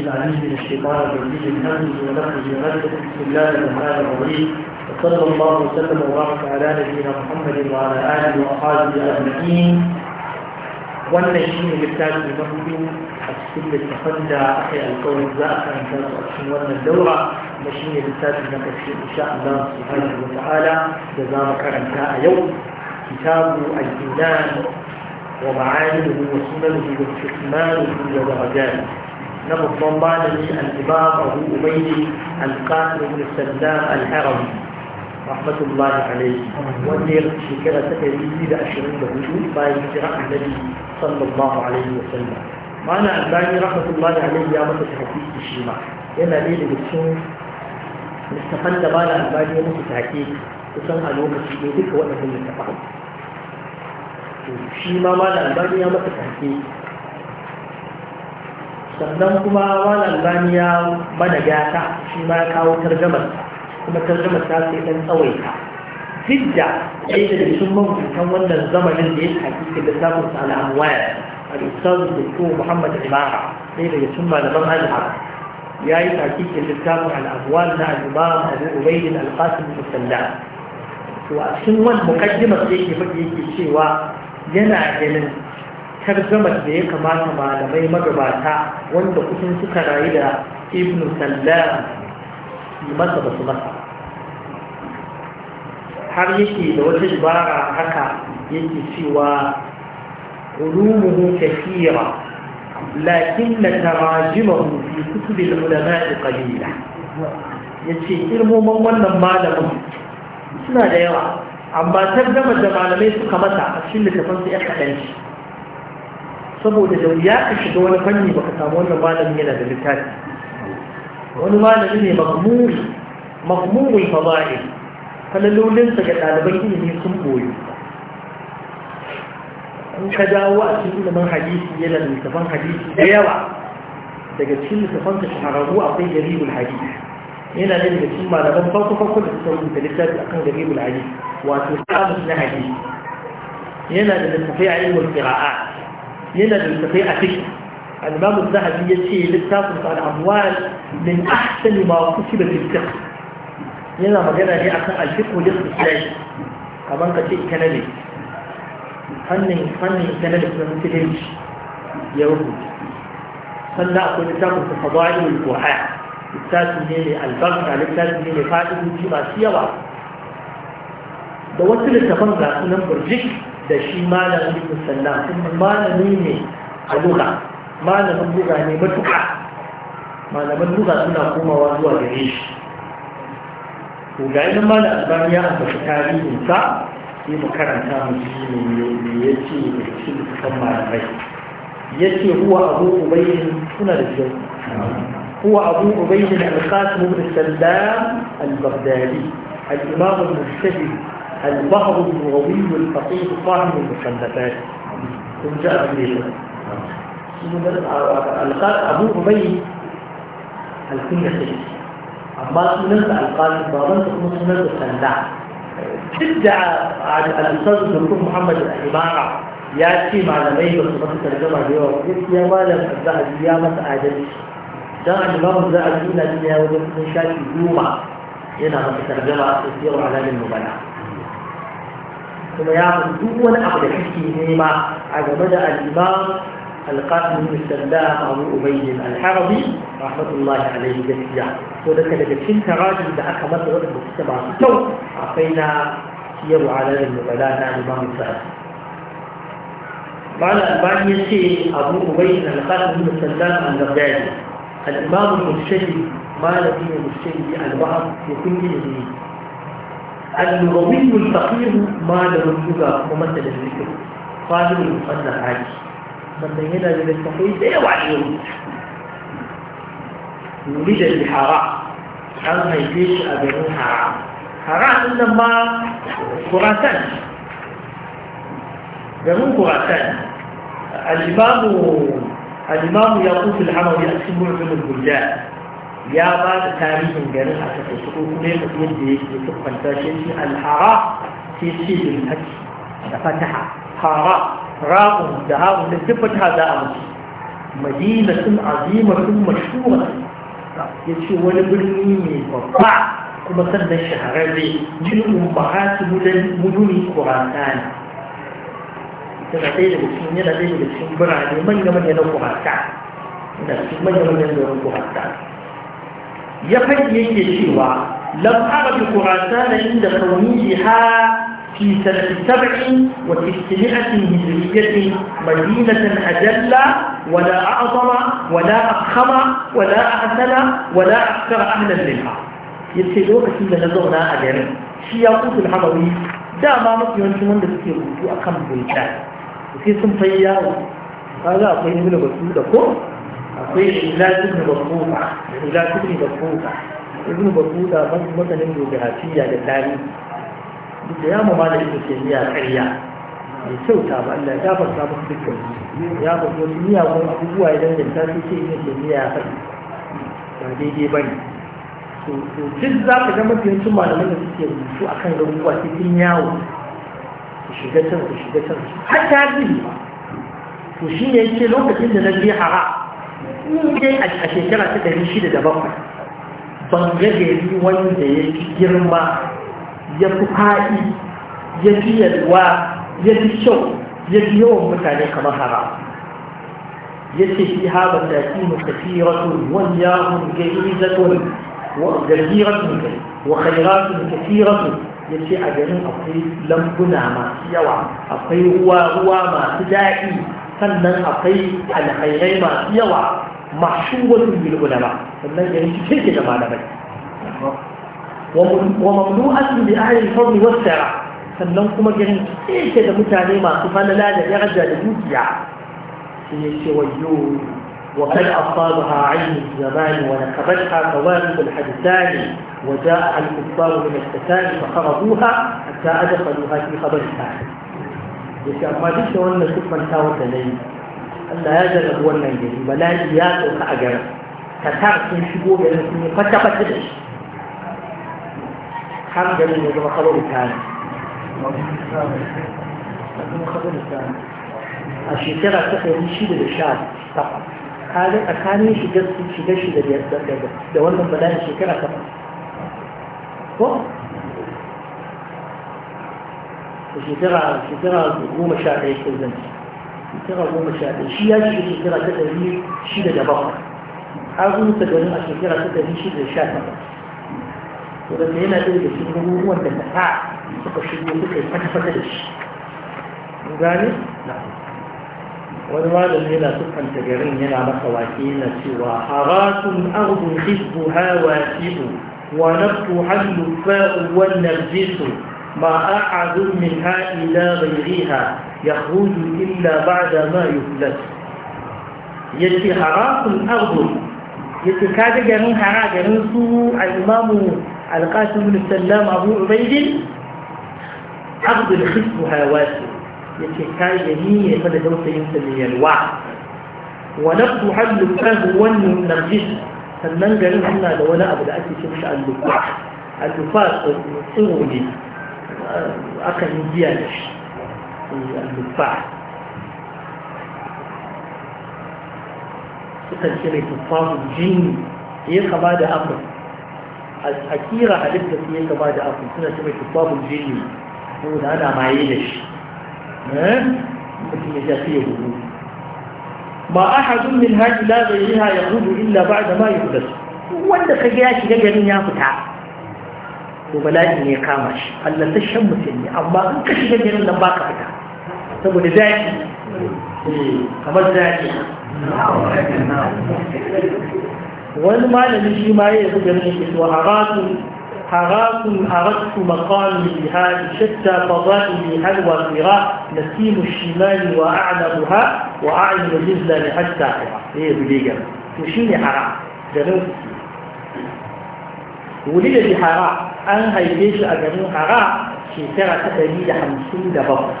السميع العليم من الشيطان الرجيم من همزه ونفسه ونفسه بسم الله الرحمن الرحيم وصلى الله وسلم وبارك على نبينا محمد وعلى اله واصحابه اجمعين wannan shi ne littafi na hudu a cikin littafan da aka yi alkawarin za a karanta su a cikin wannan daura kuma shi ne littafi na ƙarshe insha Allah subhanahu wa ta'ala da za mu karanta a yau kitabu al-iman wa ma'anihi wa sunanihi wa hikmanihi wa darajaته na babban malami al-imam abu ubaidi al-qasim ibn sallam al haram rahmatullahi alayhi wanda ya shekara ta ɗari biyu da ashirin da hudu bayan hijira annabi sallallahu alaihi wa sallam mana albani rahmatullahi alayhi ya masa tahqiqi shi ma yana ɗaya daga cikin littafan da bala albani ya ta hake, kusan a lokaci ne duka waɗannan littafan shi ma mala albani ya masa hake. sannan kuma wani albani ya mana gata shi ma ya kawo targamar kuma targamar ta sai ɗan tsawaita duk da ɗaya daga cikin wannan zamanin da ya kafi da lissafin sa al'amwaya a lissafin doktor muhammad imara ɗaya daga cikin malaman azhar ya yi kafi da lissafin al'amwal na al'imam abu ubaidin al musalla to a cikin wani mukaddimar yake faɗi yake cewa yana ganin targamar da ya kamata malamai magabata wanda kusan suka rayu da ibn sallam masa ba su masa har yake da wata ibara haka yake cewa علومه كثيرة لكن تراجمه في كتب العلماء قليلة yace ilmomin wannan malamin suna da yawa amma tarjama da malamai suka mata a cikin littafin su ya kaɗan shi saboda da ya ka shiga wani fanni baka samu wannan malamin yana da littafi wani malami ne magmuri magmuri fada'i falalolinsa ga ɗaliban ilimi sun boye an ka dawo a cikin ilimin hadisi yana da littafan hadisi da yawa daga cikin littafan ta shahararru akwai garibul hadisi yana da daga cikin malaman farko farko da suka rubuta littafi akan garibul hadisi wato samun na hadisi yana da littafai a ilmul qira'at yana da littafai a ciki الإمام الذهبي يشي للتاسع على أموال من أحسن ما كتب في الفقه هنا مجانا لي أثناء الفقه والاقتصاد كمان كتير كندي فن فن كندي في المسلمين يرد فن أقول لتاسع في الفضائل والبحاء التاسع من البغي التاسع من الفائد في ما سيوا da wasu littafan ga sunan da shi malamin ibn sannan malami ne a lura malamin lura ne matuka malaman lura suna komawa zuwa gare shi to ga yanar malam albani ya ambaci tarihin sa sai mu karanta mu shi ne ya ce da shi kan malamai ya ce huwa abu ubayin suna da jiya هو أبو عبيد القاسم بن سلام البغدادي الإمام المجتهد البعض اللغوي الفقيه صاحب المخلفات ثم جاء بالله أبو أبي الكنية خير أما سنة القال بابا تكون سنة السندع تدعى الأستاذ الدكتور محمد الإمارة ياتي مع معلمين بس الترجمة اليوم يا مالك الذهبي يا مسعدني جاء الإمام الذهبي إلى الدنيا وجدت من شاكي يوما هنا ما تترجمها تسير على المبالغة kuma ya san duk wani abu da kake nema a game da al-imam al-qasim bin sallam abu ubayd al-harabi rahmatullahi alayhi gaskiya to daga daga cikin tarajin da aka masa wadanda suke masu kyau akwai na siyaru alamin mubala na imam sa'ad ba قال الباني يسي أبو أبي القاسم بن سلام البغدادي الإمام المرشدي ما الذي المرشدي الوعد في كل إذنه اللغوي الفقير ما له اللغة ممثل الفكر فاهم المصنع عادي من هنا من التقويم ايه وعيه نريد الحراء هل ما يجيش أبنون حرام حراء إنما قراتان جمون قراتان الإمام الإمام يقول في الحمد يأتي مرحب البلدان يا بعد تاريخ جريح حتى تسقوه كلهم مدي يتقف الفاشل في الحراء في سيد الحج فتح حراء راء دهاء لتبت هذا أمس مدينة عظيمة مشهورة يتشو ولبني من فضع كما سنة الشهر الذي من أمهات مدن قرآن لدينا مسلمين لدينا مسلمين برعاني من يمن ينبوها التعب من يمن ينبوها التعب ya fadi yake cewa lam arabi khurasana inda kauniha في سنة سبع وتسعمائة هجرية مدينة أجل ولا أعظم ولا أفخم ولا أحسن ولا أكثر أهلا منها يتسيدو كثيرا نزغنا أجل شي يقول الحموي دا ما مكي وانتم وانت تسير وانتو أكم بلدان وكي سنفيا هذا أقول من بسودكم akwai ilat ibn bafuta ilat ibn bafuta ibn bafuta ban masanin geografiya da tarihi duk da yamu ma da ibn taymiya ƙarya mai kyau ta ba Allah ya farka samun dukkan ya faɗi wasu miyagun abubuwa idan da ta su ce ibn taymiya ya faɗi ba daidai ba ne to duk za ka ga mafiyancin malaman da suke rubutu akan abubuwa cikin yawo ku shiga can ku shiga can su har ta to shi ne yake lokacin da na biya hara ni a shekara ta ɗari shida ban ga gari wanda ya fi girma ya fi haɗi, ya fi yalwa ya fi kyau ya fi yawan mutane kamar hara ya ce fi haɓar da fi mutafiratun wani yawon gairizatun gajiratun kai wa khairatun kafiratun ya ce a garin akwai lambuna masu yawa akwai ruwa ruwa masu daɗi sannan akwai alkhairai masu yawa mahshuwatun bil ulama sannan ya rinci ke da malamai wa mamnu'atun bi ahli al-fadl was-sara sannan kuma garin ke da mutane masu falala da daraja da dukiya shi ne ce wayo wa wa kai wayyo وقد أصابها عين الزمان ونكبتها ثوابت الحدثان وجاء الكفار من التتان فخرجوها حتى fi في خبر الآخر yake amma duk da wannan siffanta wata na yi Allah ya jarrabu wannan gari bala'i ya tsoka a garin tatar sun shigo garin sun yi fata-fata da shi har garin ya zama kabar tani a shekara ta ɗari shida da sha takwas kaga tsakanin shigar shigar shida da wannan bala'in shekara takwas ko الشتيرة الشتيرة مو مشاعر يستخدم الشتيرة مو مشاعر شيء شيء الشتيرة تدري شيء الجبار عاوزين تقولون الشتيرة تدري شيء الشات ولكن هنا تدري شيء هو هو الدفاع فوق الشيء فوق الشيء فوق الشيء مجاني لا نعم. والوالد هنا تبقى تقرين هنا بخواتين سوى حرات أرض خذبها واسب ونبت حل الفاء والنرجس ما أعد منها إلى غيرها يخرج إلا بعد ما يفلت يتي حراس الأرض يتي كاد جنون حرا جنون سوء الإمام القاسم بن السلام أبو عبيد أرض الخصف هواسه يتي كاد جنين يمد دوسة يمسل يلوع ونفض حل الفاه ون sannan garin suna da لولا أبدأت da ake ce mishi allufa أكل من زيادة في المدفع سكن شيء تفاهم جين هي خبادة أفضل الأكيرة حدثت هي خبادة أفضل سنة شيء تفاهم جين هو أنا ما يدش ممكن يجاكيه ما أحد من هذه لا غيرها يخرج إلا بعد ما يخدش وانت خجاشي لقد ان يأخذها to bala'i ne kama shi Allah ta shan musulmi amma in ka shiga jirin nan baka fita saboda zaki kamar zaki wani malami shi ma ya yi garin yake to haratun haratun harattu maqami bi hadi shatta fadani hal wa qira nasim ash-shimal wa a'lamuha wa a'lamu jizla li hatta ya bidiga to shine haram garin ولد بحراء an haife shi a garin hara shekara ta ɗari da hamsin da bakwai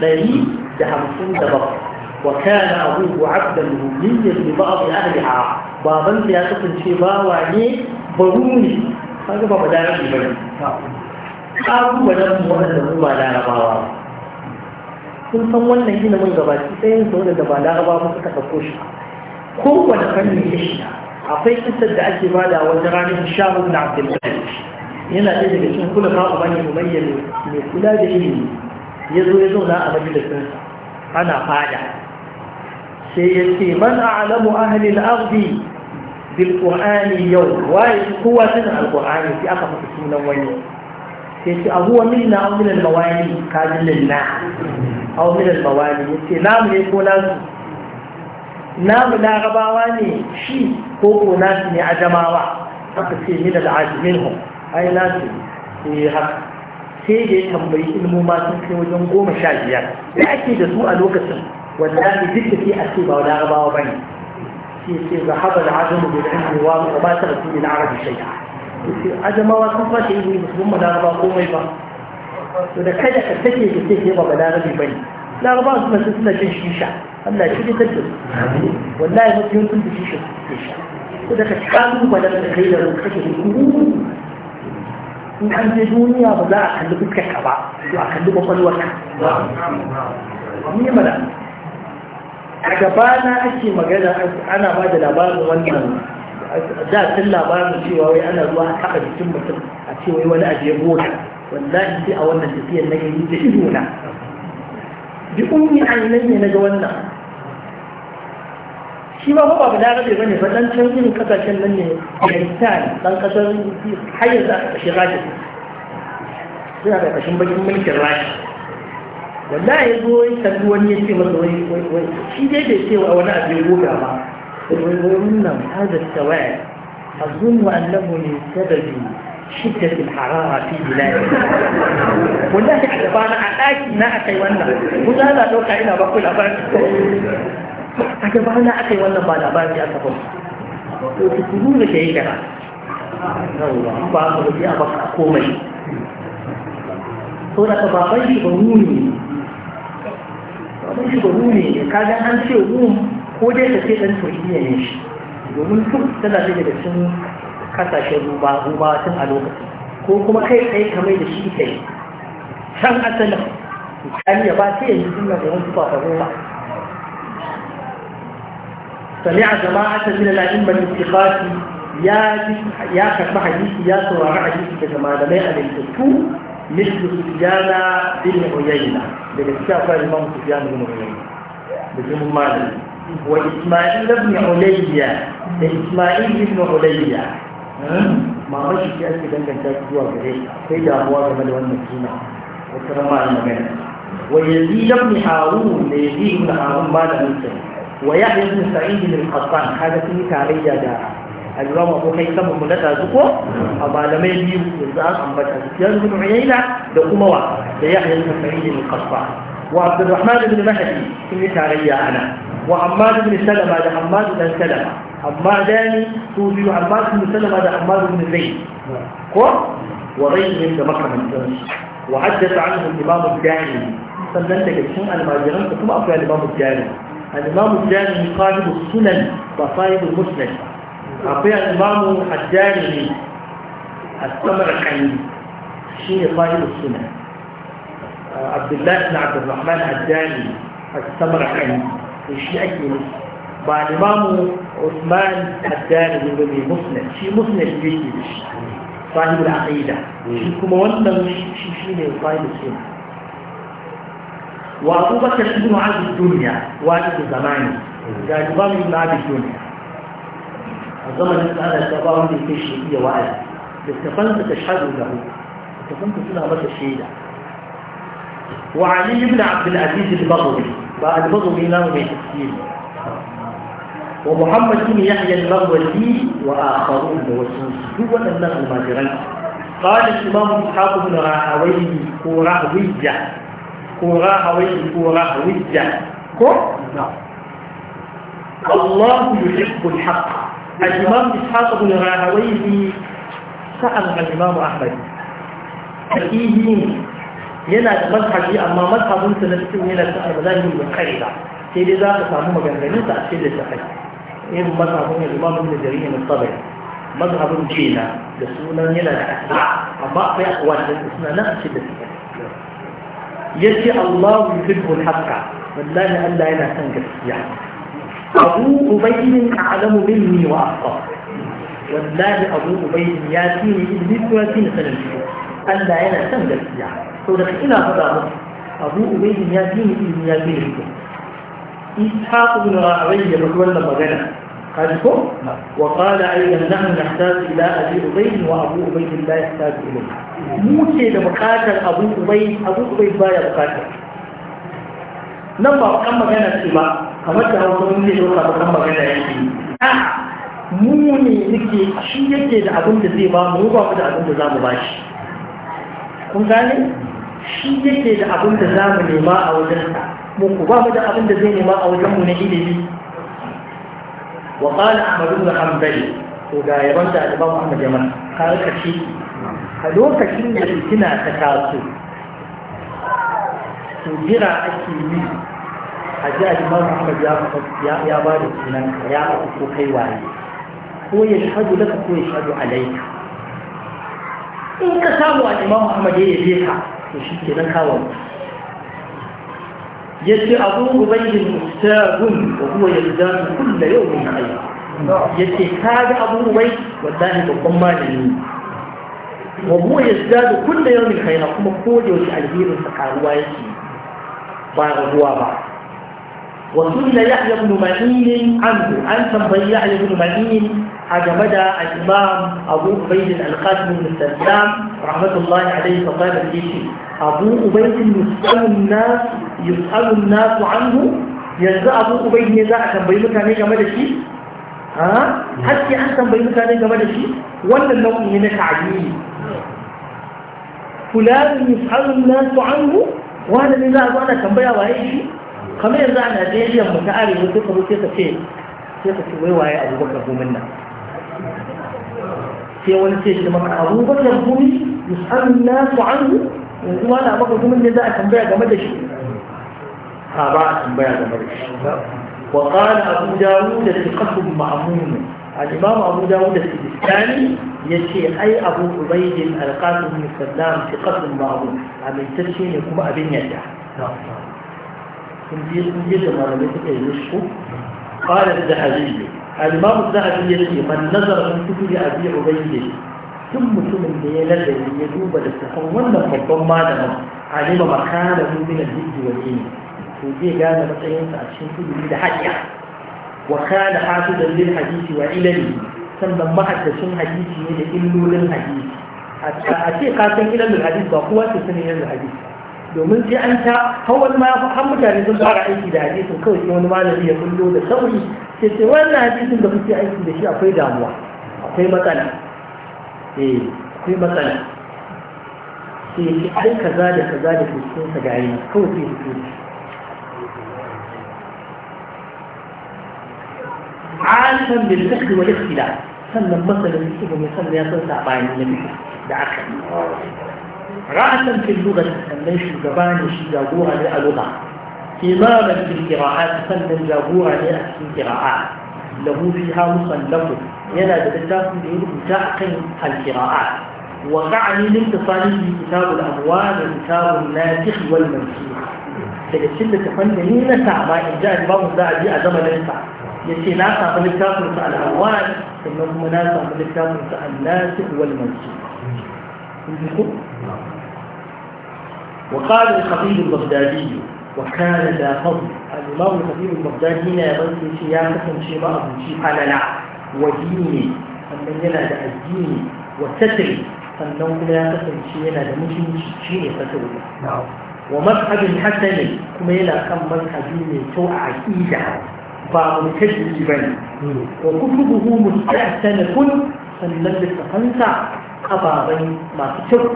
ɗari da hamsin da bakwai wa kana abu abubuwa abdan muhimmiyar da ba'a da ahli hara babansa ya kasance ba wa ne baruni kaga ba ba da rabi ba ne bane abubuwan mu wanda mu ba larabawa kun san wannan gina mun gaba gabaki ɗayan su wanda ba larabawa suka ɗauko shi kowane fanni ya shi akwai kisar da ake bada wajen ranar shahu na abdullahi yana ɗaya daga cikin kula fa uban ya umayya mai kula da ilimi ya zo ya zauna a majalisin ana fada sai ya ce man a'lamu ahli al-ardi bil qur'ani yau waye kowa sanin al-qur'ani sai aka faɗi sunan wani sai ce abu wa minna aw min al-mawali kajin lillah aw min al-mawali yace namu ne ko nasu namu larabawa ne shi ko ko nasu ne ajamawa aka ce min al-ajminhum ai na ce eh haka sai da ya tambayi ilmu ma sun kai wajen goma sha biyar da ake da su a lokacin wanda duk da ke a ce ba larabawa ba ne sai ce ga haɓar ajamu da ilmi wa ba ta rasu da arabi shai'a ajamawa sun fashe ilimi musulman laraba komai ba to da kada ka take da ke ke ba larabi bane laraba suna sun suna shan shisha Allah shi ne tattu wallahi mutum sun da shisha suke sha to da ka kasu ba da kai da kake da kuru أنت جوني أبدا أخذ بك كبا وأخذ بك الوكا مين ملا أكبانا أشي مجد أنا بعد لابان وانا دا سلا بان شيء أنا الله كبر جمعة أشي وي ولا أجيبونا والله أنت أولا تسير نجي يتشيرونا بأمي أعلمي نجوانا shi ma ba da larabe bane ba dan can irin kasashen nan ne da tsari dan kasar har yanzu a kashin Rasha suna da kashin bakin mulkin rashi wallahi ya zo ya kalli wani ya ce masa wai wai shi dai bai ce wa wani abin goga ba wai wai wannan hada tawaya أظن أنه من سبب شدة الحرارة في بلادنا والله أحسب أنا أتاكي ما أتي وانا وذا هذا أتوقع إلى بقول أبعد a Na aka yi wannan ba labari aka ba to ki kudu da ke gara yawwa ba su da a baka komai to da ka baban shi ba muni baban shi ba muni ne ka ga an ce mum ko dai ka ce dan turkiya ne shi domin tun tana da daga cikin kasashen ruba ruba tun a lokacin ko kuma kai tsaye kamar da shi kai can asalin kan ya ba sai yanzu suna da wasu ba سمع جماعة من الأئمة الثقات يا يا كتب حديث يا سورة حديث كما لم يأمن مثل سفيان بن عيينة لقد كتب الإمام سفيان بن عيينة بجم مالك وإسماعيل بن عليا إسماعيل بن عليا ما رأيك في أكيد أنك تجوا بريء كيدا أبواب جمال والمكينة وكرم على المكان ويزيد بن حارون يزيد بن حارون ما لم يسمع ويحيى بن سعيد القطان هذا في تاريخ دا الإمام أبو هيثم من لا تذكر ابا لم يجيب الزعام عن بشر سفيان بن عيينة لقمة ليحيى بن سعيد القطان وعبد الرحمن بن مهدي في تاريخ أنا وعماد بن سلمة لحماد بن سلمة داني توفي حماد بن سلمة لحماد بن زيد وغيرهم لمكة من الشمس وحدث عنه الإمام الجاني سلمت كبشون المعجرين ثم أفعل الإمام الجاني الإمام الجامعي قادم السنن بصائب المسند أعطي الإمام الجامعي السمر الحنيف شيء صاحب السنن عبد الله بن عبد الرحمن الجامعي السمر الحنيف وشيء أكيد مع الإمام عثمان الجامعي بن مسند شيء مسند جيد صاحب العقيدة شيء كما وانا شيء شيء صاحب السنن وأبو بن عبد الدنيا والد زماني جاجبان بن عبد الدنيا الزمن على الشباب اللي في الشيعية وأهل اتفنت تشهد له اتفنت سنة بس الشيعة وعلي بن عبد العزيز البغوي بعد بغوي له من ومحمد بن يحيى المغولي وآخرون وسوس هو أنه المهاجرين قال الإمام إسحاق بن راهويه ورهويه ko rahawai ko rahawiyya ko Allah yuhibbul haqq al-imam ishaq ibn rahawayhi sa'an al-imam ahmad sahihi yana da mazhabi amma mazhabin sa na cikin yana da al-mazhabi da qaida sai dai za ka samu maganganun sa a cikin da kai irin mazhabin al-imam ibn jarir al-tabari mazhabin jina da sunan yana da asma amma akwai akwai da sunan nan a cikin da kai yace Allah yuhibbul haqqa wallahi Allah yana son gaskiya Abu Ubayyin a'lamu minni wa afqa wallahi Abu Ubayyin ya tini iblis wa tini sanin Allah yana son gaskiya to da ina faɗa muku Abu Ubayyin ya tini iblis ya tini Ishaq ibn Rawi ya faɗi wannan magana قالكم وقال أيضا نحن نحتاج إلى أبي أبيد وأبو أبيد لا يحتاج إليه موسى لمقاتل أبو أبيد أبو أبيد لا يقاتل نبقى كم مجانا سبا كما تهو سمين لدوكا كم مجانا يحكي mu ne nake shi yake da abin da zai ba mu ba mu da abin da zamu ba shi kun gane shi yake da abin da zamu nema a wajensa mu ku ba mu da abin da zai nema a wajen mu na ilimi وقال أحمد بن حنبل وقال يا يبنسى الإمام أحمد يمن قال كشي هلوك شين يتنا تكاسو وجرى أكيمي أجاء الإمام أحمد يا يا بارد من يا أكو كيواني هو يشهد لك هو يشهد عليك إن كسابوا الإمام أحمد يبيك وشيك لك كاواني يجي أبو أبي مستاب وهو يزداد كل يوم عليه يجي هذا أبو أبي والله بالضمان لي وهو يزداد كل يوم خيرا كما قول يوشي الهير سقال وايشي بار هو بعض وسئل يحيى بن معين عنه أنت تنبي بن معين أجمد الإمام أبو عبيد الخاتم المستسلام رحمة الله عليه فقال الجيش أبو عبيد يسأل الناس يسأل الناس عنه يزع أبو عبيد يزع كم بين مكانه كم هذا الشيء ها هل في أحد كم بين مكانه كم هذا الشيء ولا لو من تعليم فلان يسأل الناس عنه وهذا من ذا وأنا كم بين وهاي الشيء كم يزعنا جيش يوم كأري وتفرو تفرو تفرو تفرو تفرو تفرو تفرو تفرو تفرو تفرو تفرو تفرو تفرو تفرو تفرو تفرو تفرو في أول sai shi أبو بكر gumi يسأل الناس عنه an أنا أبو بكر gumin ne za a tambaya وقال أبو داود الثقة معمون الإمام أبو داود الثاني يشي أي أبو عبيد القاسم بن سلام ثقة معمون عم تشين يقوم أبن نعم. يدع كنت يقول ما قال الذهبي al-imam zahabi ya ce man nazar nazara min kutubi abi ubayyi tun mutumin da ya ladabi ya duba da safan wannan babban malamin alima makana min al-hijji waje ne. to zai gane matsayinsa a cikin ilimi da haƙiya wa kana hafidan lil hadisi wa ilmi sannan mahaddacin hadisi ne da illolin hadisi a ce ka san ilmin hadisi ba kowa ke sanin ilmin hadisi domin sai an ta hawan ma ya har mutane sun fara aiki da hadisin kawai sai wani malami ya kullo da sauri sai ce wannan hadisin da kuke aiki da shi akwai damuwa akwai matsala eh akwai matsala sai ce ai kaza da kaza da kuskun sa ga yi kawai sai fito aliman bil fiqh wal ikhtilaf sannan su ga mai sannan ya san sabani na fiqh da aka yi ra'atan lura da sannan shugaba ne shi jagora ne a lura. إماما في القراءات فلن جابوا عليه أحسن قراءات له فيها مصنف ينا بدتاف من متاحق القراءات وقعني الانتصال في كتاب الأموال وكتاب الناسخ والمنسوخ فلسلة فن من نسع ما إن جاء الباب الزعبي أزم الانسع يسينا قبل كتاب نسع الأموال ثم المناسع قبل كتاب نسع الناسخ والمنسوخ نعم. وقال الخطيب البغدادي وكان ذا فضل الإمام الخطيب البغدادي هنا يقول في سياسة شيء بعض شيء على لا ودين أما هنا ذا الدين وتتري فالنوم لا تتري شيء شيء تتري نعم ومذهب الحسن كما يلا كم مذهب من سوء عقيدة بعض كذب وكتبه مستحسنة فالنبي فقنطع قبابين ما تتري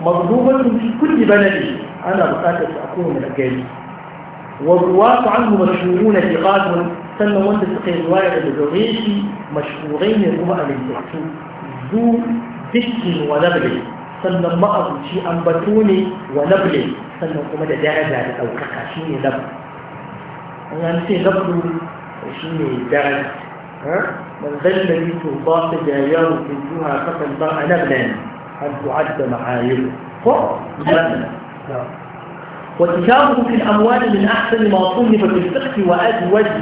مظلومة في كل بلد أنا بقاتل أكون أجلي والرواة عنه مشهورون قادم سنة وانت تقي رواية الزغيشي مشهورين الرمى الانتحتو ذو ذك ونبل سنة ما أبوشي أنبتوني ونبل سنة كما درجة أو كاكاشيني نبل أنا نسي نبل وشين درجة من ذا الذي تضاف جاياه في الجوهة فقط ضاء نبلاني أن تعد معايبه وتشابه في الأموال من أحسن ما صنف في السخف وأزوجه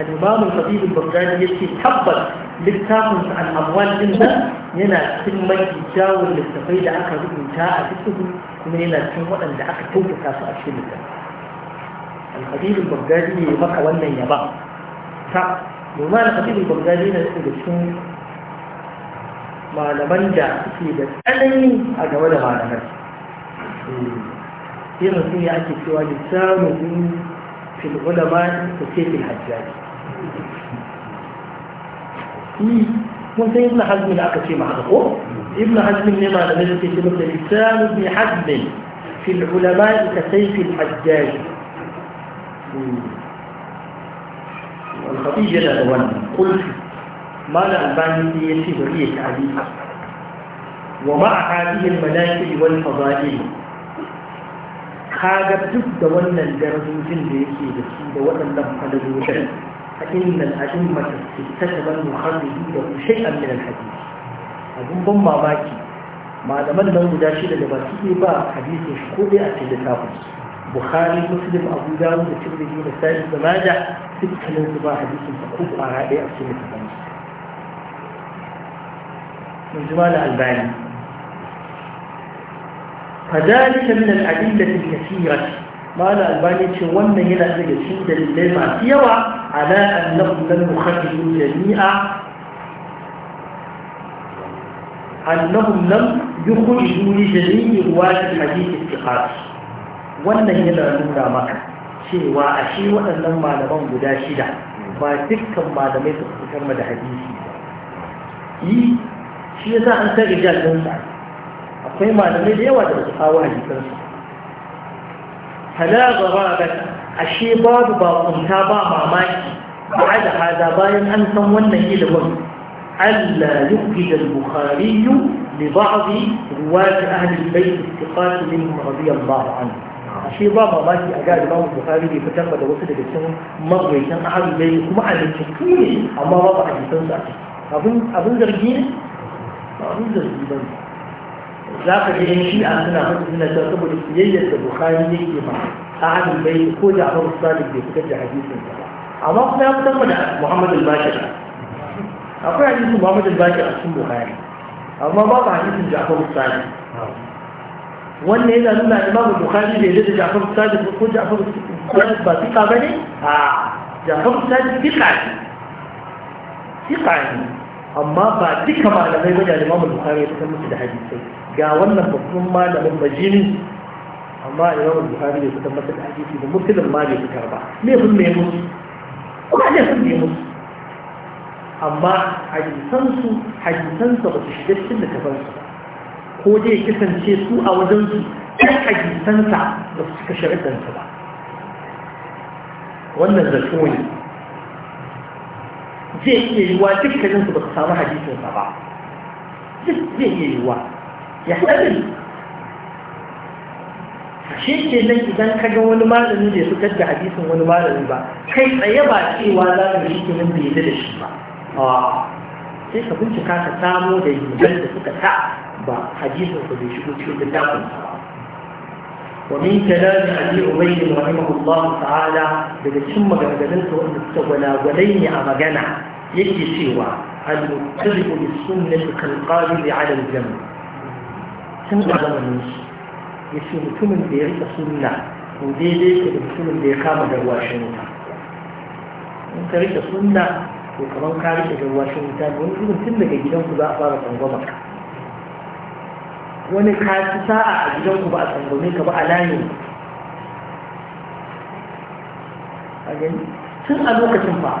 الإمام الخطيب البغدادي يشكي تحبط للتاخذ عن أموال جنبه هنا ثم يتجاوز للتقيد أكثر من جاء جده ومن هنا كان وطن لأخي توقف كاسو أشهر لك الخطيب البغدادي يبقى وانا يبقى فمعنى الخطيب البغدادي يقول الشمس malaman da suke da tsanani a game da malamai irin sun yi ake cewa lissanuhun fil ulama da ke fil hajjaji kun san ibn hazmin da aka ce ma haka ko ibn hazmin ne malamai da ke ce masa lissanu ibn hazmin fil ulama ka sai fil hajjaji والخطيب يدعو قلت malam albani sai ya ce bari ya ta'alifa wa ma'a hadihin manaqib wal fadail kaga duk da wannan darajojin da yake da su da waɗannan fadadojin a innan innal a'immata tattaban muhammadu da shay'an min al-hadith abun ban mamaki malaman nan guda shida da ba ne ba hadisin shi ko dai a cikin littafin bukhari muslim abu dawud da tirmidhi da sa'id da majah dukkanin su ba hadisin ko ƙwara ɗaya a cikin littafin من جمال الباني فذلك من الأدلة الكثيرة ما الألباني تشوانا هنا أن الشدة للبيت سيرا على أنهم لم يخرجوا جميعا أنهم لم يخرجوا لجميع رواة الحديث الثقات wannan yana nuna maka cewa a shi waɗannan malaman guda shida ba dukkan malamai ما fitar da hadisi shi yasa an san rijal din sa akwai malamai da yawa da su kawo hadisan babu bakunta ba mamaki بعد هذا باين أن سمونا إلى وقت ألا يفقد البخاري لبعض رواة أهل البيت الثقات منهم رضي الله عنه أشي بابا ما في أجاد الإمام البخاري فتنبه ده وصل لجسم مغري كان أهل البيت كما أهل التكوين أما بابا حديثا سأتي أظن أظن درجين ba mun da su ban za ka ga yan shi'a suna fata suna ta saboda siyayyar da bukhari yake ma ahalin bai ko da abu salih bai fitar da hadisin ba amma kuma ya fitar da muhammad al-bashir akwai hadisin muhammad al-bashir a cikin bukhari amma babu hadisin ja'far salih wannan yana nuna imamu bukhari bai da ja'far salih ko ja'far salih ba fika bane a ja'far salih fika ne fika ne amma ba duka malamai ba da limamu bukari ya san musu da hadisai ga wannan babban malamin majini amma imamu bukari ya fitar masa da hadisi da musulun ma bai fitar ba sun mai musu kuma ne sun mai musu amma hadisansu hadisansa ba su shiga cikin littafansu ba ko dai kasance su a wajensu ɗan hadisansa ba su cika shari'ansa ba wannan zato ne zai iya yiwuwa dukkanin su ba su samu hadisin sa ba duk zai iya yiwuwa ya hadari shi ke nan idan ka ga wani malami bai fitar da hadisin wani malami ba kai tsaye ba cewa za ka shi ke nan bai da shi ba sai ka bincika ka samo da yiwuwar da suka sa ba hadisin sa bai shigo cikin littafin ba. ومن كلام أبي عبيد رحمه الله تعالى بلشم مغنغنته وأن تستغنى ولين أمغنى يجي سوى المتبع للسنة كالقابل على الجنب سنة زمنيش يسي متمن بيرك سنة ودي ليك متمن بيقام دواشنها in ka rike sunna to kamar ka rike gawashin wuta da wani irin tun daga gidanku za a fara tsangwamar wani kaci sa'a a gidanku ba a tsangwame ka ba a layin a gani tun a lokacin fa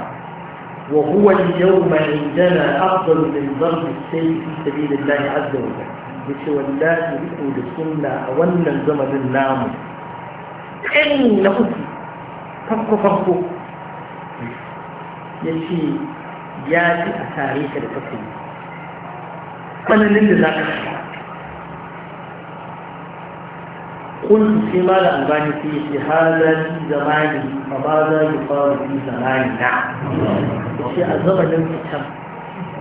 وهو اليوم عندنا أفضل من ضرب السيف في سبيل الله عز وجل مش والله يقول السنة أولا زمن النام إن أسي فكو فكو يشي ياتي أتاريك لتكون أنا لله قلت فيما الألباني في هذا الزمان فماذا يقال في زماننا في الزمن الكتاب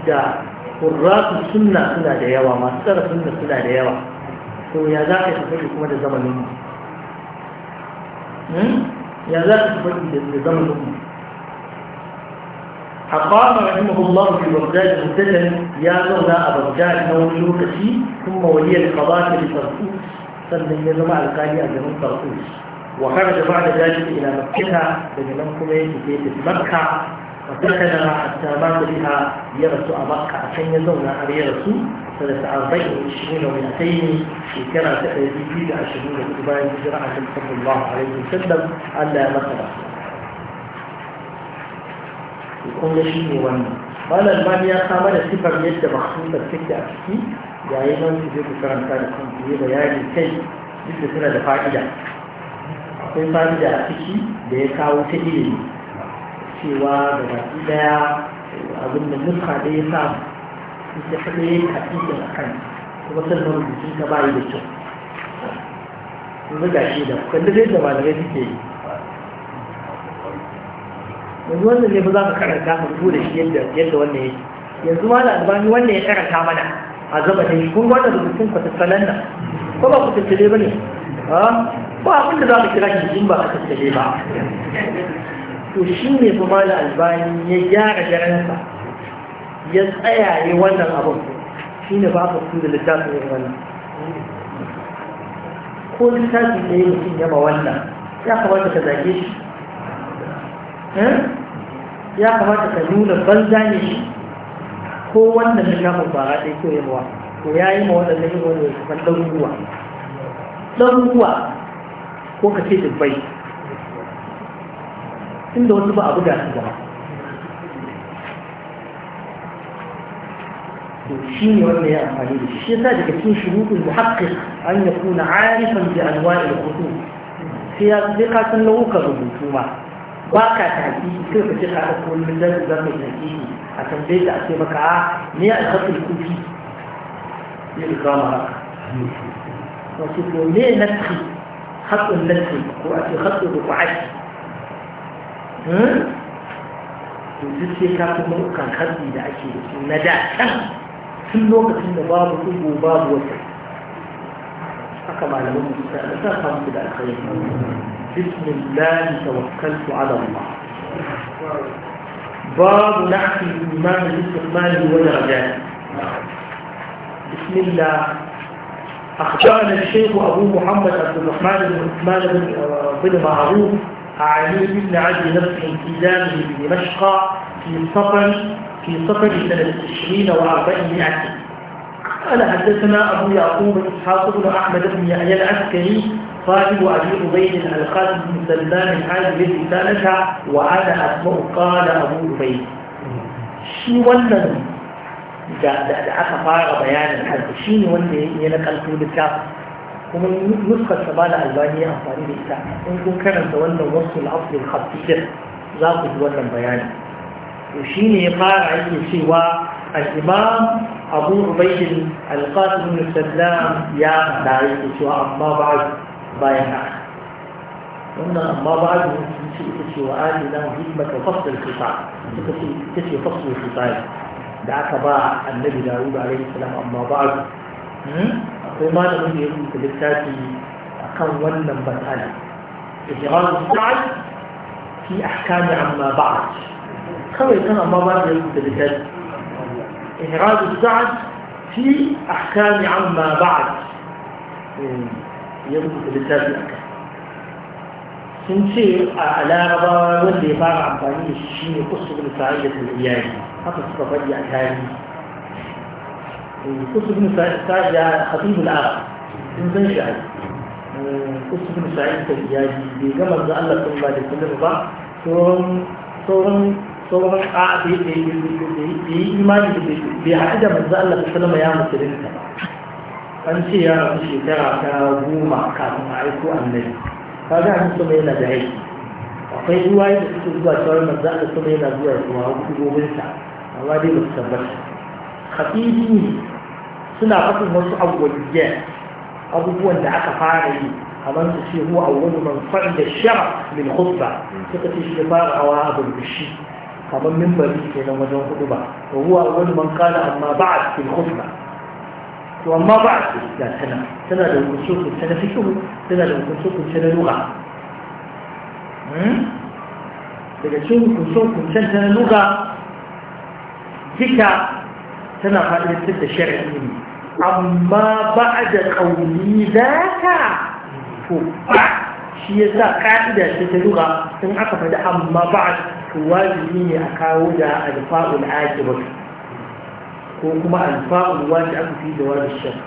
دا قراءة السنة سنة ديوة ما سنة سنة سنة ديوة to يا za ka tafi kuma الزمن zamanin يا ya za ka tafi الزمن zamanin mu رحمه الله في بغداد مدة يا أبو بغداد نور لوكسي ثم ولي القضاء لفرقوس sannan ya zama alƙali a garin Tarkus wa kharaja ba'da dalik ila Makkah daga nan kuma ya tafi ta Makka wa sakana ma hatta mata biha ya rasu a Makka a can ya zauna har ya rasu sanata arba'in wa ishirin wa mi'atayn shekara ta ɗari biyu da ashirin da hudu bayan hijira a sallallahu alaihi wa sallam Allah ya masa rasu. Kun ga shi ne wannan. Malam Mani ya kama da sifar yadda makhsusar take a ciki yayi nan su je karanta da kan ku yi yari kai duk da suna da fa'ida akwai fa'ida a ciki da ya kawo ta ilimi cewa da baki daya abin da nufa da ya samu ita kaɗai ya yi kaɗi da kan kuma sannan rubutun ka bayi da kyau yanzu ga shi da kuka. zai da malamai suke yi yanzu wannan ne ba za ka karanta ka fito da shi yadda wannan yake yanzu ma da albani wannan ya karanta mana a zama ne kun da rubutun kwatattalan nan ko ba ku tattale ba ne ba abinda za mu kira shi in ba tattale ba to shi ne kuma da albani ya gyara sa, ya tsayaye wannan abin shi ne ba ka su da littafin yin wannan ko littafin da ya mutum ya ba wannan ya kamata ka zage shi eh? ya kamata ka nuna banza ne shi ko wannan littafin ba a ɗaya kyau ya mawa ko ya yi ma waɗannan yin wani kusan ɗaruruwa ɗaruruwa ko ka ce dubbai inda wasu ba a buga su ba shi ne wanda ya amfani da shi Ya sa daga cikin shuruɗin muhaqqiq an kuna arifan bi anwa'il khutub sai ya sai ka san nau'ukan rubutu ma ba ka tafi kai ka ce ka da kullum da zan mai tafi a tambaye ta a ce maka a ne a kafin kufi ne ka kama haka wasu ko ne nafi haƙƙin nafi ko a ce haƙƙin da ku'ai hmm? to duk sai ka fi nau'ukan haƙƙi da ake da su na da can tun lokacin da babu ɗigo babu wata haka malamin mutu ta samu da alkhairi بسم الله توكلت على الله باب نعت الإيمان بالاستقبال ودرجاته بسم الله أخبرنا الشيخ أبو محمد عبد الرحمن بن عثمان بن معروف علي بن عبد نفس التزامه بدمشق في صفر في صفر سنة 20 و400 قال حدثنا أبو يعقوب إسحاق بن أحمد بن يحيى العسكري صاحب أبي أبي القاسم بن سلمان الحاج الذي سالك وأنا أسمعه قال أبو أبي شي ولد جاء أخا فارغ بيان الحاج شي ولد ينك القلب الكاف ومن نسخة سبالة ألبانية أفاري بإساء إن كان تولى وصف الأصل الخطي ذاك ولد بيان وشي فارغ سوى الإمام أبو عبيد القاسم بن سلام يا داعي سوى أما بعد بايعها قلنا ما بعد نشي كشي وقال له هجمة وفصل القطاع كشي وفصل القطاع دعا تباع النبي داود عليه السلام أما بعد وما نقول يقول كبكاتي أقام ولا مبتال إجراء القطاع في أحكام عما بعد خوي كان أما بعد يقول كبكاتي إهراج الزعج في أحكام عما بعد ya rubuta littafi a kai sun ce a laraba wanda ya fara amfani da shi shine kusurin sa'ayyar da iyali haka suka faɗi a tarihi kusurin sa'ayyar da habibul arab sun san shi a kusurin sa'ayyar da iyali bai gama da allah sun ba da kullum ba sauran sauran a bai yi imani da bai haɗu da manzo allah sun salama ya musulunta ba أنتي يا أخي تراك غوما كما يكو أمني هذا أنت سمينا جاي وفي جواي تسوى شوي مزاق سمينا جواي سوى وكي غوبنسا الله مستبر خطيبي سنة قطي مرسو أول جاء أبو بوان دعك فاعي أمان تسي هو أول من فعل الشرع من خطبة تكتي شمار عواب المشي كما من بريك نمجان خطبة وهو أول من كان أما بعد في الخطبة وما بعد يا سنة سنة لو كنت سنة في شهر سنة لو كنت سنة, سنة لغة تقول كنت سنة, سنة سنة لغة ذكى سنة فائدة ستة شرع أما بعد قولي ذاك فوق شيء قاعدة ستة لغة سنعطف أما بعد كواجبيني أكاوجا الفاء العاجب ko kuma alfa'ul wasi'atu fi jawab ash-shart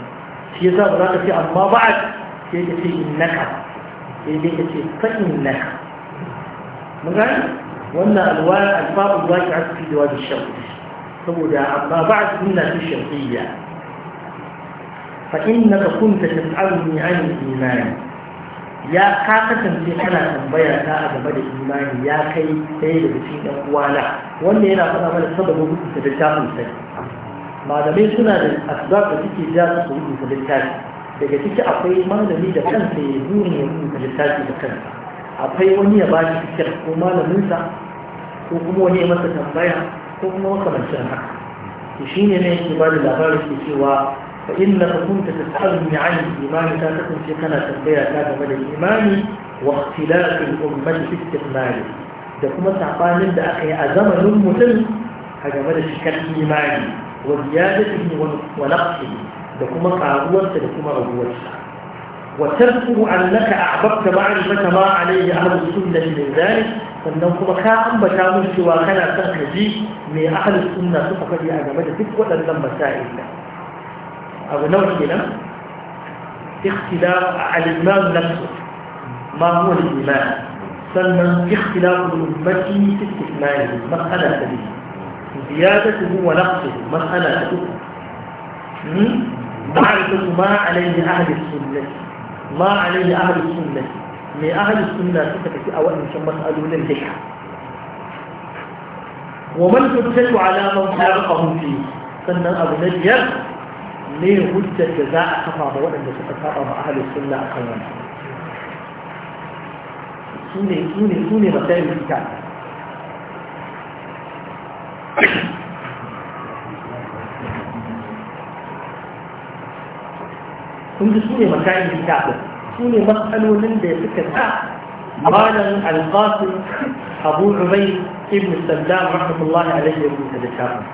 shi yasa ba za ka ce amma ba'd sai ka ce innaka sai dai ka ce fa innaka mun ga wannan alwan alfa'ul wasi'atu fi jawab ash-shart saboda amma ba'd sunna fi shartiyya fa innaka kunta tas'aluni 'an al-iman ya ka kasance kana tambaya ta a game da imani ya kai ɗaya daga cikin ɗan uwana wanda yana faɗa mana sababin hukunta da shafin sai malamai suna da asbab da suke ja su su rubuta littafi daga ciki akwai malami da kansa ya burin ya rubuta littafi da kansa akwai wani ya bashi fikir ko malaminsa ko kuma wani ya masa tambaya ko kuma makamancin haka to shi ne yake ba da labarin ke cewa fa inna ka kunta tas'aluni 'an ainihin imani ta kasance kana tambaya ta game da imani wa ikhtilaf al-ummah fi istiqmal da kuma sabanin da aka yi a zamanin mutum a game da shi kan imani وزيادته ونقصه دكما قعبوة دكما عبوة وتذكر انك لك معرفة ما عليه أهل السنة من ذلك فإنه قمكا أم بتامل سوى كان تخرجي من أهل السنة صفقة لي أنا مدى تبقى لن او نوع من اختلاف على الإمام نفسه ما هو الإمام سنة اختلاف الأمة في استكماله مسألة سبيل زيادته ونقصه مسألة معرفة ما عليه أهل السنة ما عليه أهل السنة ما أهل السنة او أول من شمس أدون الذكر ومن تبتل على من فارقه فيه سنة أبو نجير ليه هجة جزاء كفى بوأن ستكفى مع أهل السنة أخوانا سوني سوني سوني مسائل الكتاب kun ji su ne makayin littafin su ne matsalolin da suka sa malam alƙasin abu rubai ibn saddam rahmatullahi alaihi ya rubuta littafin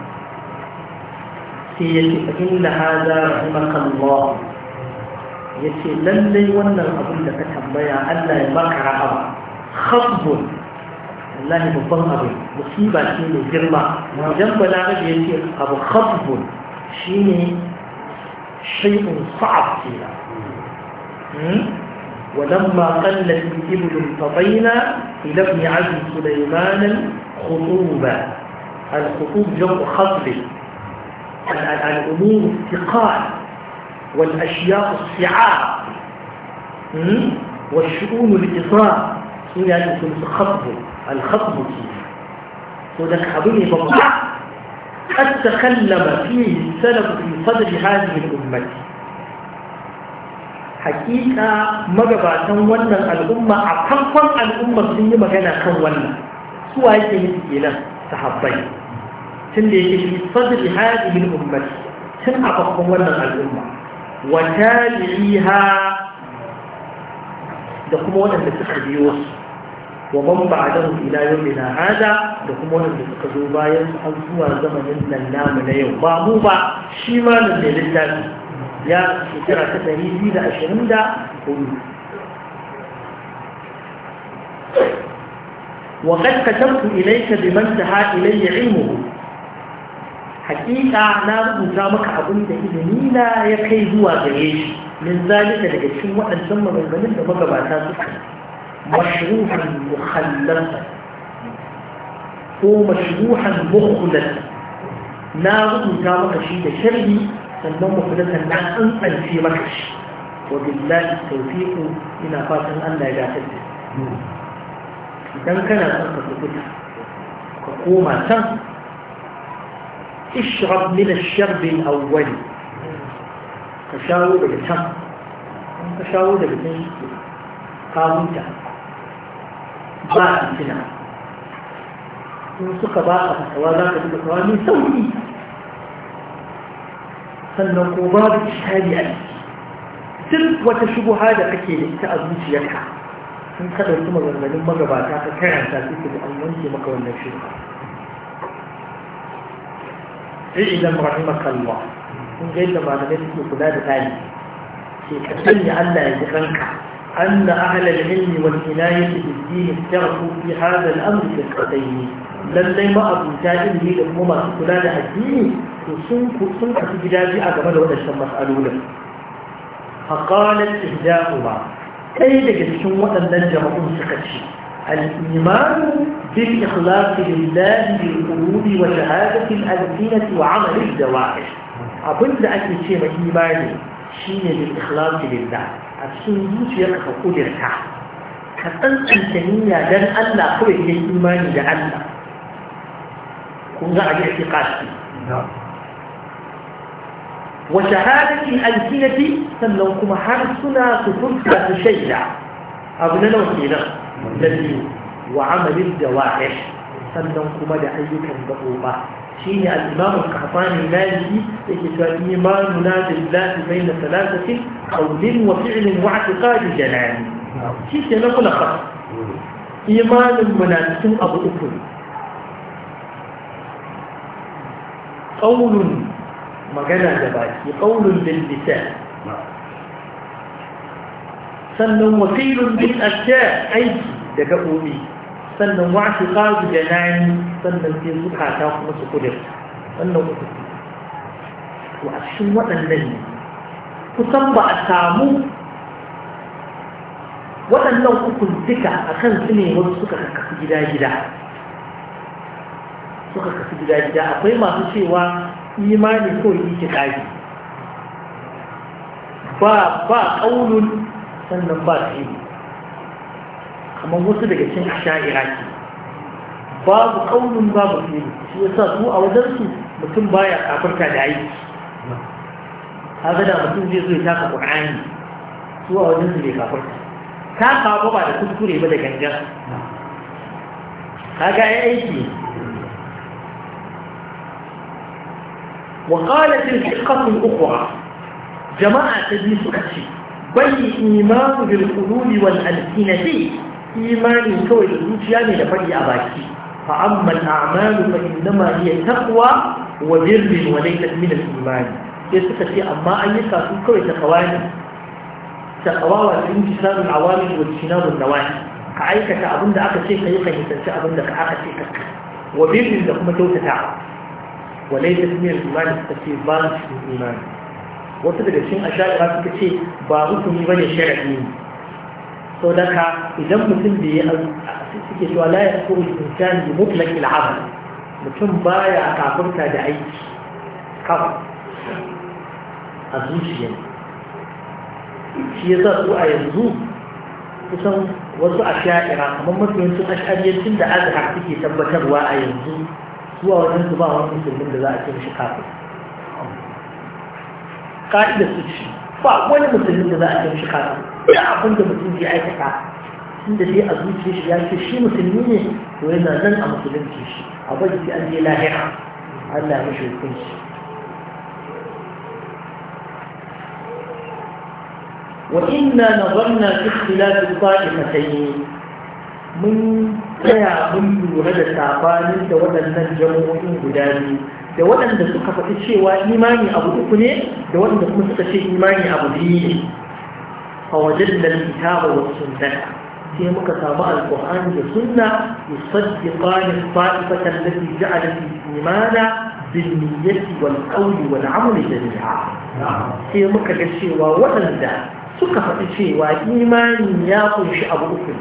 sai ya ce fahim da haza rahimakallah ya ce lallai wannan abin da ka tambaya allah ya baka rahama khabbun wallahi babban abin musiba ce mai girma idan balarabe ya ولما قلت الإبل انتطينا إلى ابن عبد سليمان الخطوبة الخطوب جمع خطب الأمور الثقال والأشياء الصعاب والشؤون الإصابة sun ya ɗauki musu khatbu alkhatbu ke so da abu قد تكلم فيه السلف في صدر هذه الأمة حقيقة ما مجبعة ونن الأمة أقفل الأمة سنة ما كان ونن سوى يجب إلى صحابين تنلي في صدر هذه الأمة سنة أقفل الأمة وتابعيها da kuma waɗanda ومن بعدهم إلى يومنا هذا لكم ولا تتخذوا بايا أنزوا زمن النام لا يوم باموبا شيما من لله يا شكرا تتهيدي لأشهرين دا وقد كتبت إليك بمن انتهى إلي علمه حقيقة نار مزامك أبن إذنينا يكيدوا غيش من ذلك لكي شنو أن سمى من ذلك مقبعتا سبحانه مشروحا مخلفا هو مشروحا مخلفا نار رؤون كان مكشي تشري سنو مخلفا نا في مكش وبالله التوفيق إلى فاتن أن لا يجاتل إذن كان أنت تقول وقوما اشرب من الشرب الأول تشاور بالتن تشاور بالتن قاوم تن باء امتناع ينسق باء فالسوالات بالإخوان من سوئي فالنقوبات إشهادي ألف سرق وتشبه هذا كي لك أزمت يكا من خلال ثم الغرمان المغباتات كي عن تاتيك بأمان في مقوان نفسه إذا رحمك الله من غير ما نبيت في فلاد ثاني في الدنيا الله يزغنك أن أهل العلم والإناية بالدين الدين اشتركوا في هذا الأمر فكرتين لم تيمأ أبو جائم هي الأمومة كلانا الدين تسنك سنك في جلاج أدم الوضع الشمس ألولا فقالت إهداؤما كيف أن نجم ننجم أمسكتشي الإيمان بالإخلاص لله بالقلوب وشهادة الألسنة وعمل الدواعش أبدا أن يتشيم إيماني شيء بالإخلاص لله a cikin zuciyar ka kudirta ka tsantsanta niyya dan Allah kawai kai imani da Allah kun ga abin da kashi wa shahadati alsinati sannan kuma har suna su furta su shaida abu na nawa kenan dalili wa amalin jawahir sannan kuma da ayyukan gaɓoɓa شين يعني الإمام القحطاني المالكي يكتب إيماننا الله بين ثلاثة قول وفعل واعتقاد جلال شيء نقول خط إيمان منافسين أبو أكل قول ما مجانا جباكي قول باللسان سنن وفيل بالأشياء أي دقاء أمي sannan wasu ƙazu da nani sannan sai zukata kuma su kudin wannan uku Wa a cikin waɗannan ne kusan ba a samu waɗannan kukun duka a kan su ne wasu suka kakasu gida-gida suka kakasu gida-gida akwai masu cewa imani ko yi ki ba a ƙaunin sannan ba su yi kamar wasu daga cin asha'ira ce babu kaunin babu ne shi yasa su a wajen su mutum baya kafirta da aiki kaga da mutum zai zo ya taka qur'ani su a wajen su bai kafirta ta kawo ba da kuskure ba da gangan kaga ya aiki وقالت الفرقة الأخرى جماعة تبي سكتي بل إيمان بالقلوب والألسنة imani kawai da zuciya ne da faɗi a baki fa amma al'amalu fa innama hiya taqwa wa birrin wa laysa min al-imani sai suka ce amma an yi kawai ta kawani ta kawawa da intisabu al-awamir wa ijtinabu an-nawahi ka aikata abin da aka ce ka yi fahimtanci abin da aka ce ka wa birrin da kuma kyautata wa laysa min al-imani suka ce ba su imani wata daga cikin asha'ira suka ce ba rukuni bane sharadi ne sau da idan mutum da ya suke cewa la ya kuru insani da mutlak al'amal mutum baya kafirta da aiki kaf a zuciya shi yasa su a yanzu kusan wasu a sha'ira kamar mafiyancin ashariyancin da azhar suke tabbatarwa a yanzu zuwa wajen su ba wani musulmin da za a ce mishi kafir ka'idar su ce ba wani musulmi da za a ce mishi kafin da abin da mutum zai aikata inda sai a zuciya shi ya ce shi musulmi ne to yana nan a musulunci shi a bari sai an je lahira Allah mishi hukunci وإنا نظرنا في اختلاف الطائفتين من tsaya mun lura da sabanin da waɗannan jama'o'in guda biyu da waɗanda suka faɗi cewa imani abu uku ne da waɗanda kuma suka ce imani abu biyu ne a wajen da kitaba wa sunnata sai muka samu alƙur'ani da sunna yusaddiqani fa'ifatan lati ja'alat imana bil niyyati wal qawli wal amali jami'a sai muka ga cewa waɗanda suka faɗi cewa imani ya kunshi abu uku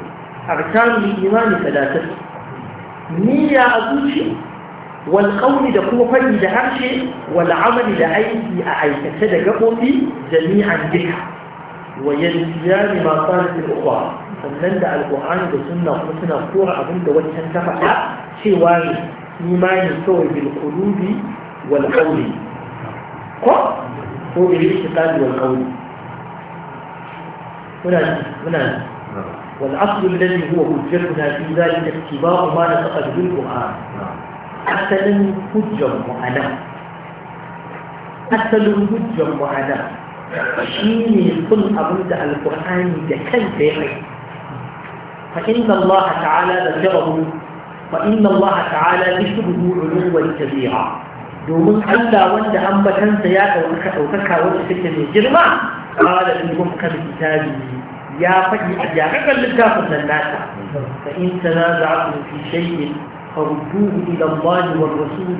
arkanul imani salatatu niyya a zuciya والقول ده كو فاي ده هرشي والعمل ده ايدي اعيك كده جبوتي جميعا بك بما قال في الاخرى فلنبدا القران ده سنه وسنة كور ابن ده وجه انتفع شي واري مما يسوي بالقلوب والقول كو هو بالاستقال والقول هنا هنا نعم. والاصل الذي هو حجتنا في ذلك اختبار ما نتقد القران نعم. حتى لن يفج المعلم حتى لن يفج المعلم شيني كل أبدا القرآن جكل بيحي فإن الله تعالى ذكره وإن الله تعالى ذكره علوا كبيرا دون ألا وانت أما تنسى ياك وكك من جرما قال إن هم يا فجأة يا فجأة الناس فإن تنازعتم في شيء فردوه إلى الله والرسول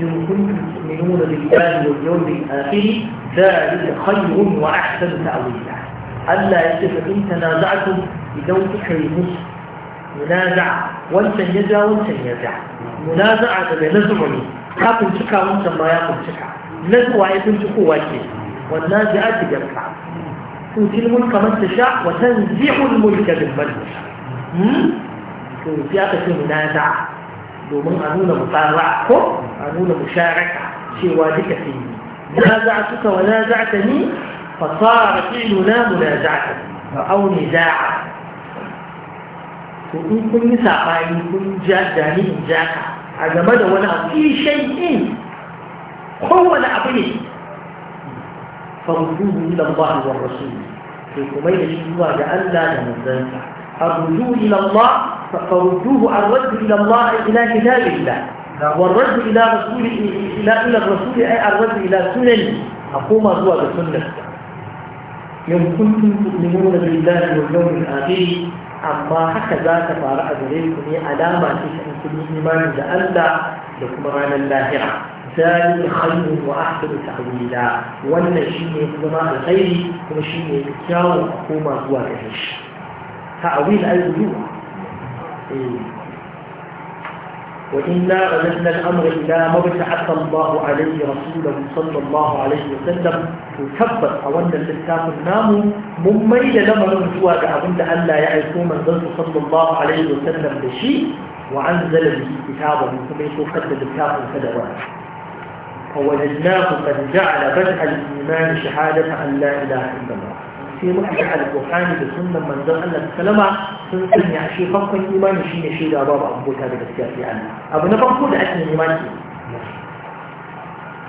إن كنتم تؤمنون بالله واليوم الآخر ذلك خير وأحسن تأويلا ألا يجب إن تنازعتم لدوتك المسلم منازع وانسان يجا وانسان يجا منازع هذا نزعني كابن شكا وانسان ما يكون شكا نزوى يكون شكو واجه والنازعات تجمع تؤتي الملك من تشاء وتنزع الملك من تشاء في أكثر منازع domin أنونا nuna musara ko a nuna musharaka cewa duka fi نازعتك ونازعتني فصار فعلنا منازعة أو نزاعة وإن كن ساقاني كن جاداني إن جاكا هذا مدى ولا في شيء هو الأبني فردوه إلى الله والرسول في كمين الشيوى لألا نمزلك الرجوع إلى الله فردوه الرد إلى الله إلى كتاب الله والرد إلى رسول إلى إلى الرسول أي الرد إلى سنن أقوم هو بسنة يوم كنتم تؤمنون بالله واليوم الآخر أما هكذا تفارع إليكم علامة أن كل إيمان بألا لكم رانا اللاهرة ذلك خير وأحسن تأويلا والنشيء شيء كما الخير ونشيء كتاب أقوم هو بهش تأويل أي أيوة. وإنا رددنا الأمر إلى ما ابتعث الله عليه رسوله صلى الله عليه وسلم وكبت أولا للكاف النام مميل لمن سوى أن لا يعرفوا من ذنب صلى الله عليه وسلم بشيء وأنزل به كتابه كما يتوقف للكاف الفدوات فوجدناه قد جعل بدء الإيمان شهادة أن لا إله إلا الله sai muka ga alƙur'ani da sunnan manzon Allah sallama sun sanya shi farkon imani shine shi da babu abota da gaskiya sai Allah abu na farko da ake neman shi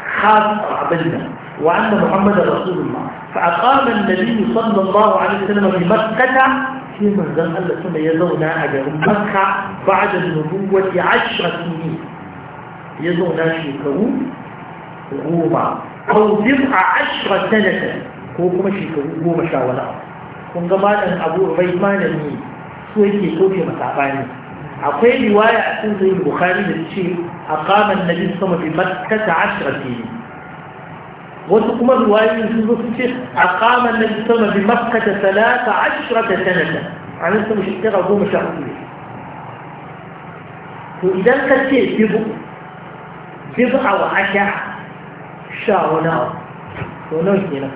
khas abinda nema ke خاص عبدنا وأن محمد رسول الله فأقام النبي صلى الله عليه وسلم في مكة في منزل الله ثم يزونا أجر مكة بعد النبوة عشر سنين يزونا شيكو روما أو بضع عشرة سنة ko kuma shekaru goma sha wani abu kun ga malam abu rai ne su yake soke masabani akwai riwaya a cikin sahih bukhari da ce aqama an-nabi sama bi makka 10 sinin wasu kuma riwayoyi sun zo sun ce aqama an-nabi sama bi makka 13 sanata an sun shekaru goma sha hudu to idan ka ce bibu bibu a wa asha sha wani abu to nan kenan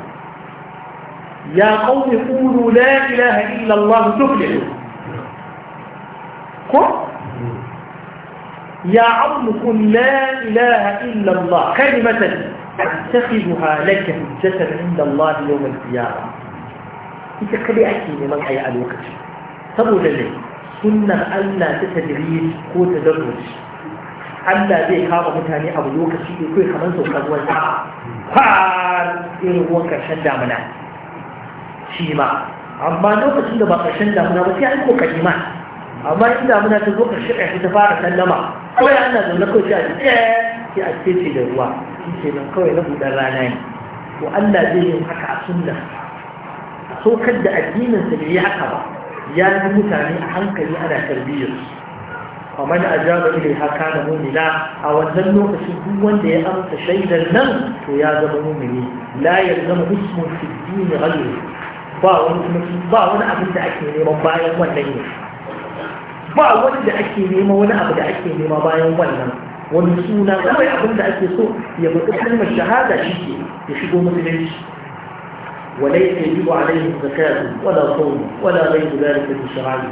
يا قوم قولوا لا إله إلا الله تفلحوا قل يا عظم قل لا إله إلا الله كلمة أتخذها لك حجة عند الله يوم القيامة إذا قلعتني من حياء الوقت تبو ذلك سنة ألا تتدريج كو تدرج ألا ذي كاب متاني أبو يوكسي يكوي خمسة وكذوة حال إن هو كرشد منعك shi ma amma lokacin da ba ƙarshen damuna ba sai an kokari ma amma in damuna ta zo ƙarshe ƙarshe ta fara sallama kawai ana zaune kawai sai a ce eh, sai a da ruwa shi ke nan kawai na buɗar rana ne to Allah zai yi haka a sunna saukar da addinin sa bai yi haka ba ya yi mutane a hankali ana tarbiyyar ومن a إليها lokacin duk wanda ya amsa shaidar nan, to ya zama مؤمنين لا يلزم اسم في الدين غيره ba wani abin da ake neman bayan wannan ne ba wani da ake nema wani abu da ake nema bayan wannan wani suna kawai abin da ake so ya buɗi kalmar shahada shi ke ya shigo musulunci وليس يجب عليهم زكاة ولا صوم ولا غير ذلك من شرعه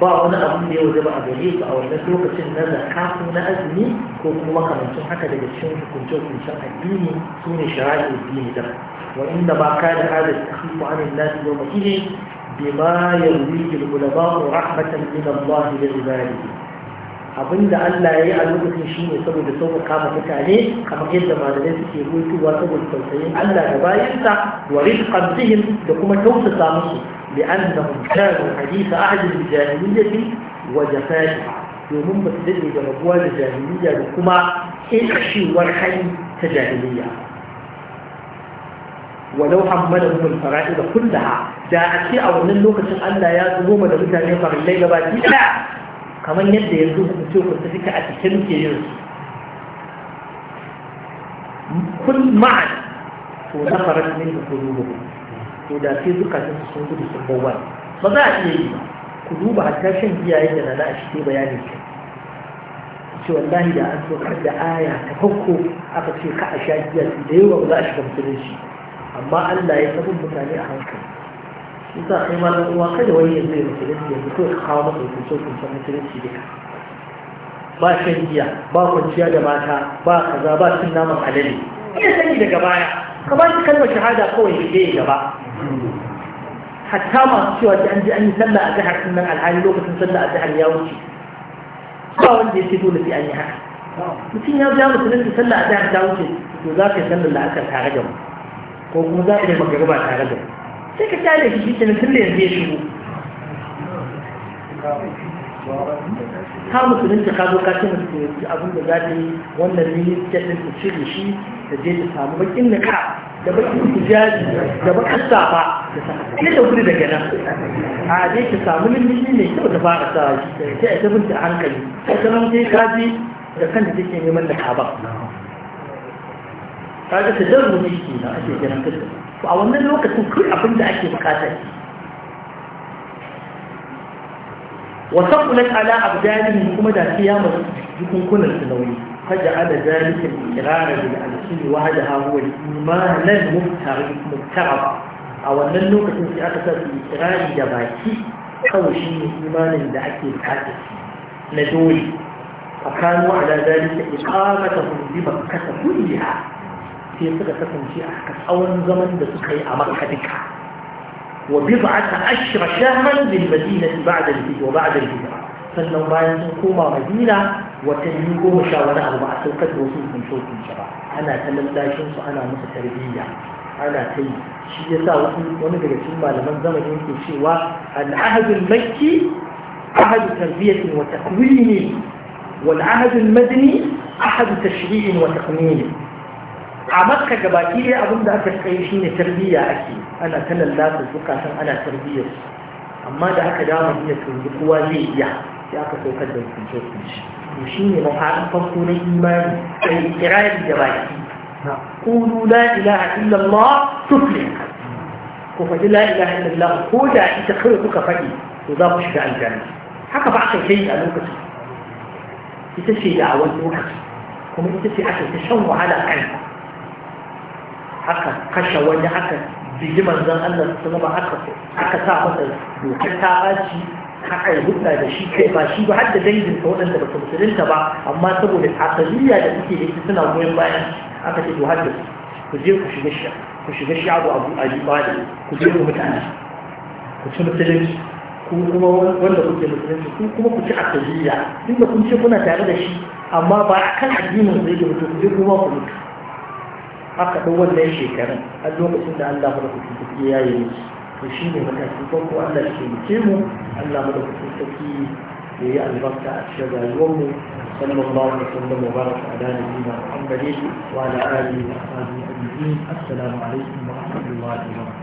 بعض أبن يوجب أبريك أو النسوك سنة زكاة من أزمي كوكو مكة من سنحك لجسون كنتو من شرع الدين سنة شرعي الدين ده وإنما كان هذا التخفيف عن الناس يومئذ بما يرويه العلماء رحمة من الله لعباده abin da Allah ya yi a lokacin shi ne saboda sauƙa kama mutane kamar yadda malamai suke rutuwa saboda tausayin Allah da bayansa wa rizqan bihim da kuma tausasa musu bi annahum kanu hadisa ahadin bi jahiliyyati wa jafaiha domin ba su dade da rabuwa da jahiliyya da kuma kishewar hali ta jahiliyya ولو حمدهم الفرائض كلها جاءت في أول اللوكة الله يا ظلوم دمتا نظر الليل بعد جدا كما يد يزوك نشوك التفكة أتكلمك كل معنى ودخلت منه قلوبهم وإذا في ذكاة تسوك بسبوان فضاء يجب قلوب حتى شنجي أيضا لا أشتي بيانك شو الله إذا أنتم حتى آية تفكوا أقصي كأشاجية ديوة ولا أشكم تنشي amma Allah ya sabon mutane a hankali shi sa kai malam uwa kada wani ya zai musulunci yanzu kawai ka kawo masa hukuncin hukuncin musulunci duka ba shan giya ba kwanciya da mata ba kaza ba cin naman alade ya sani daga baya ka ba shi kalmar shahada kawai ya je gaba hatta masu cewa da an je an yi sallah a jihar sun nan alhali lokacin sallah a jihar ya wuce ba wanda ya ce dole sai an yi haka mutum ya ja musulunci sallah a jihar ta wuce to za ka yi sallar da tare da mu ko kuma za ka da magariba tare da sai ka kyale shi shi tun da yanzu ya shigo ka musulunci ka zo ka ce musulunci abin da za ta yi wannan ministan ɗin ta shirya shi da je ta samu bakin da ka da bakin hijabi da bakin ba. ke da wuri daga nan a je ta samu limiti ne kyau da fara sa shi ta yi ta binta hankali ta sanar sai ka ji da kan da take neman da ka ba kaga ta darbu ne shi na ake kiran ta to a wannan lokacin kai abin da ake bukata ne wa taqulat ala abdanihim kuma da kiyama ان su nauyi فجعل ذلك الإقرار بالألسن وهدها هو الإيمان مبتغض أو أن النوكة في أكثر الإقرار جباكي أو شيء إيمان لأكي الحادث ندوي فكانوا على ذلك إقامتهم بمكة كلها sai suka kasance a haka tsawon zaman da suka yi a makka duka wa bid'ata ashra shahran lil madinati ba'da al-hijra ba'da al-hijra sannan bayan sun koma madina watanni goma sha wani abu ba a saukar da wasu hukuncin ba ana ta lallashin su ana musu tarbiyya ana ta yi shi ya sa wani daga cikin malaman zamani yake cewa al'ahadul makki ahadu tarbiyyatin wa takwini wal ahadul madani ahadu tashri'in wa taqnini a gabaki dai abin da aka tsaye shi ne tarbiyya ake ana ta lallata zukatan ana tarbiyyar amma da aka dawo madina to yanzu kowa zai iya sai aka saukar da hukunce hukunce to shi ne mafaɗin farko na imani da ikirari da baki قولوا لا إله إلا الله تفلح كفت لا إله إلا الله هو دا to za ku shiga aljanna haka ba aka yi a lokaci ita ce da wani lokaci kuma ita ce aka ta shan wahala kanta aka kashe wani aka bigi manzan Allah su zama aka aka sa masa dokar ta aji aka yi hudda da shi kai ba shi ba har da dangin ka waɗanda ba su musulunta ba amma saboda asaliya da suke da suna goyon bayan aka ce to har da ku je ku shiga shi ku shiga shi abu abu aji ba da ku je ku mutane ku ci musulunci ku kuma wanda kuke musulunci ku kuma ku ci asaliya inda kun ce kuna tare da shi amma ba kan addinin zai ke mutu ku je kuma ku mutu aka ɗau wannan shekarun a lokacin da Allah madaukakin sarki ya yi to shi ne matakin farko Allah shi ke mu Allah madaukakin sarki ya yi albarka a cikin rayuwar rayuwarmu sallallahu alaihi wasallam wa baraka ala nabiyina Muhammadin wa ala alihi wa sahbihi ajma'in assalamu alaikum wa rahmatullahi wa barakatuh